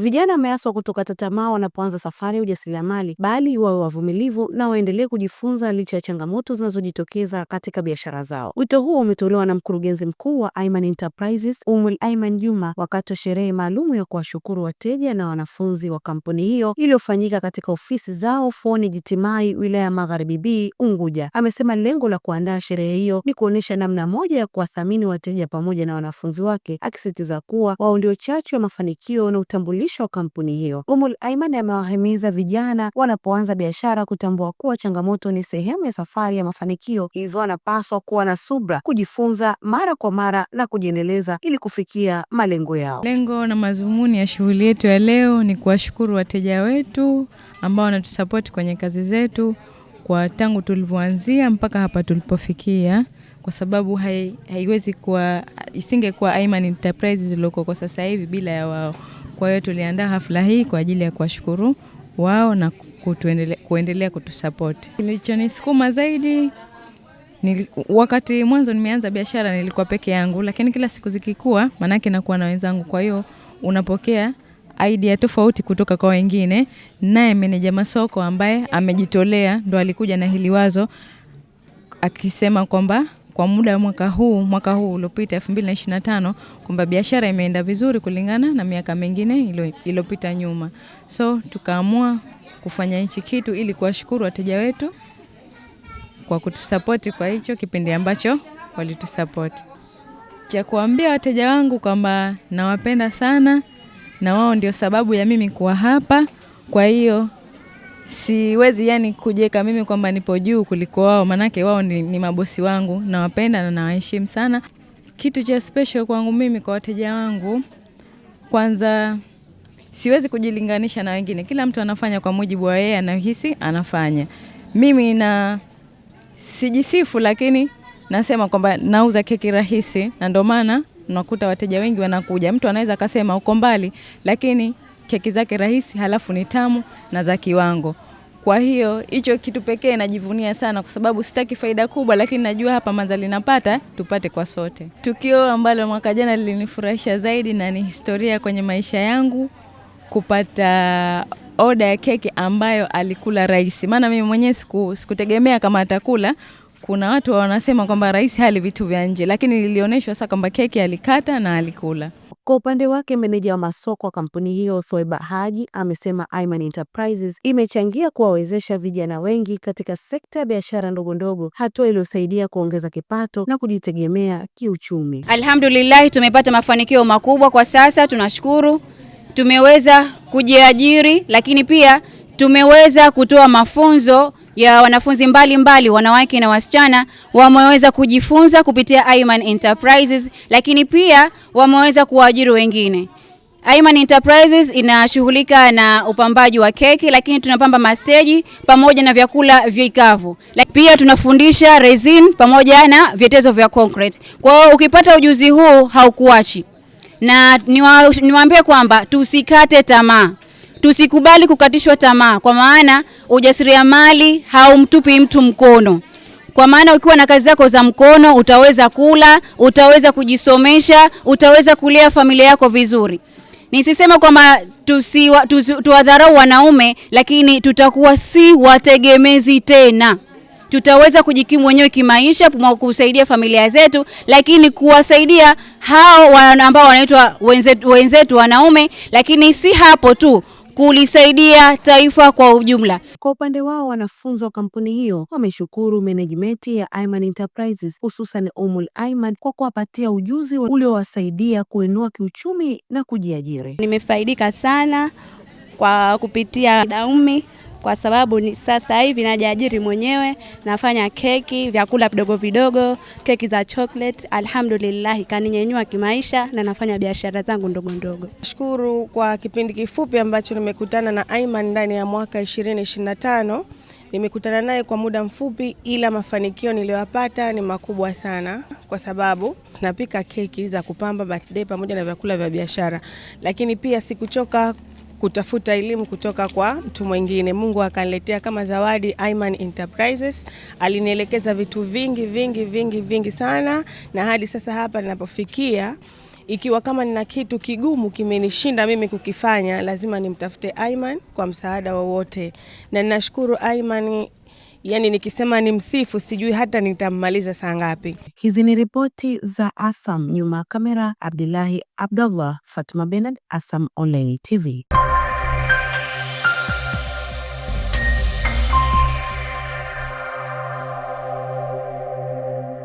Vijana wameaswa kutokata tamaa wanapoanza safari ya ujasiriamali, bali wawe wavumilivu na waendelee kujifunza licha ya changamoto zinazojitokeza katika biashara zao. Wito huo umetolewa na mkurugenzi mkuu wa Ayman Enterprises Umul Ayman Juma wakati wa sherehe maalum ya kuwashukuru wateja na wanafunzi wa kampuni hiyo iliyofanyika katika ofisi zao foni Jitimai, wilaya ya Magharibi B, Unguja. Amesema lengo la kuandaa sherehe hiyo ni kuonyesha namna moja ya kuwathamini wateja pamoja na wanafunzi wake, akisisitiza kuwa wao ndio chachu ya mafanikio na utambulisho mwanzilishi wa kampuni hiyo. Umul Aiman amewahimiza vijana wanapoanza biashara kutambua kuwa changamoto ni sehemu ya safari ya mafanikio, hivyo wanapaswa kuwa na subra, kujifunza mara kwa mara na kujiendeleza ili kufikia malengo yao. Lengo na madhumuni ya shughuli yetu ya leo ni kuwashukuru wateja wetu ambao wanatusapoti kwenye kazi zetu kwa tangu tulivyoanzia mpaka hapa tulipofikia, kwa sababu hai, haiwezi kuwa isingekuwa Aiman Enterprises iliyoko kwa sasa hivi bila ya wao. Kwa hiyo tuliandaa hafla hii kwa ajili ya kuwashukuru wao na kutuendelea, kuendelea kutusapoti. Kilichonisukuma zaidi nil, wakati mwanzo nimeanza biashara nilikuwa peke yangu, lakini kila siku zikikua, maanake nakuwa na wenzangu, kwa hiyo unapokea idea tofauti kutoka kwa wengine. Naye meneja masoko ambaye amejitolea ndo alikuja na hili wazo akisema kwamba kwa muda wa mwaka huu mwaka huu uliopita 2025 kwamba biashara imeenda vizuri kulingana na miaka mingine iliyopita nyuma, so tukaamua kufanya hichi kitu ili kuwashukuru wateja wetu kwa kutusapoti kwa hicho kipindi ambacho walitusapoti. Cha kuambia wateja wangu kwamba nawapenda sana na wao ndio sababu ya mimi kuwa hapa, kwa hiyo siwezi yani kujeka mimi kwamba nipo juu kuliko wao, maanake wao ni, ni mabosi wangu, nawapenda na nawaheshimu sana. Kitu cha special kwangu mimi kwa wateja wangu, kwanza siwezi kujilinganisha na wengine. Kila mtu anafanya kwa mujibu wa yeye anahisi anafanya. Mimi na sijisifu, lakini nasema kwamba nauza keki rahisi, na ndio maana nakuta wateja wengi wanakuja. Mtu anaweza akasema uko mbali, lakini keki zake rahisi, halafu ni tamu na za kiwango. Kwa hiyo hicho kitu pekee najivunia sana, kwa sababu sitaki faida kubwa, lakini najua hapa madhali napata tupate kwa sote. Tukio ambalo mwaka jana lilinifurahisha zaidi na ni historia kwenye maisha yangu, kupata oda ya keki ambayo alikula rais. Maana mimi mwenyewe siku, sikutegemea kama atakula. Kuna watu wanasema kwamba rais hali vitu vya nje, lakini nilionyeshwa sasa kwamba keki alikata na alikula. Kwa upande wake, meneja wa masoko wa kampuni hiyo Thoiba Haji amesema Iman Enterprises imechangia kuwawezesha vijana wengi katika sekta ya biashara ndogondogo, hatua iliyosaidia kuongeza kipato na kujitegemea kiuchumi. Alhamdulillah, tumepata mafanikio makubwa kwa sasa, tunashukuru. Tumeweza kujiajiri, lakini pia tumeweza kutoa mafunzo ya wanafunzi mbalimbali mbali, wanawake na wasichana wameweza kujifunza kupitia Aiman Enterprises, lakini pia wameweza kuwaajiri wengine. Aiman Enterprises inashughulika na upambaji wa keki, lakini tunapamba masteji pamoja na vyakula vikavu. Pia tunafundisha resin pamoja na vyetezo vya concrete. Kwa hiyo ukipata ujuzi huu haukuachi, na niwaambie kwamba tusikate tamaa. Tusikubali kukatishwa tamaa, kwa maana ujasiriamali haumtupi mtu mkono kwa maana ukiwa na kazi zako za mkono utaweza kula, utaweza kujisomesha, utaweza kulea familia yako vizuri. Nisisema kwamba tuwadharau wanaume, lakini tutakuwa si wategemezi tena. Tutaweza kujikimu wenyewe kimaisha, kusaidia familia zetu, lakini kuwasaidia hao ambao wanaitwa wenzetu, wenzetu wanaume. Lakini si hapo tu kulisaidia taifa kwa ujumla. Kwa upande wao, wanafunzi wa kampuni hiyo wameshukuru management ya Ayman Enterprises hususan Umul Ayman kwa kuwapatia ujuzi uliowasaidia kuinua kiuchumi na kujiajiri. Nimefaidika sana kwa kupitia Daumi kwa sababu ni sasa hivi najiajiri mwenyewe, nafanya keki, vyakula vidogo vidogo, keki za chocolate. Alhamdulillah, kaninyenyua kimaisha na nafanya biashara zangu ndogo ndogo. Nashukuru kwa kipindi kifupi ambacho nimekutana na Aiman ndani ya mwaka 2025 nimekutana naye kwa muda mfupi, ila mafanikio niliyoyapata ni makubwa sana, kwa sababu napika keki za kupamba birthday pamoja na vyakula vya biashara, lakini pia sikuchoka kutafuta elimu kutoka kwa mtu mwingine. Mungu akaniletea kama zawadi Iman Enterprises, alinielekeza vitu vingi vingi vingi vingi sana, na hadi sasa hapa ninapofikia ikiwa kama nina kitu kigumu kimenishinda mimi kukifanya, lazima nimtafute Aiman kwa msaada wowote, na ninashukuru Aiman. Yani nikisema ni msifu, sijui hata nitammaliza saa ngapi. Hizi ni ripoti za ASAM. Nyuma ya kamera, Abdullahi Abdullah, Fatma Benard, ASAM Online TV.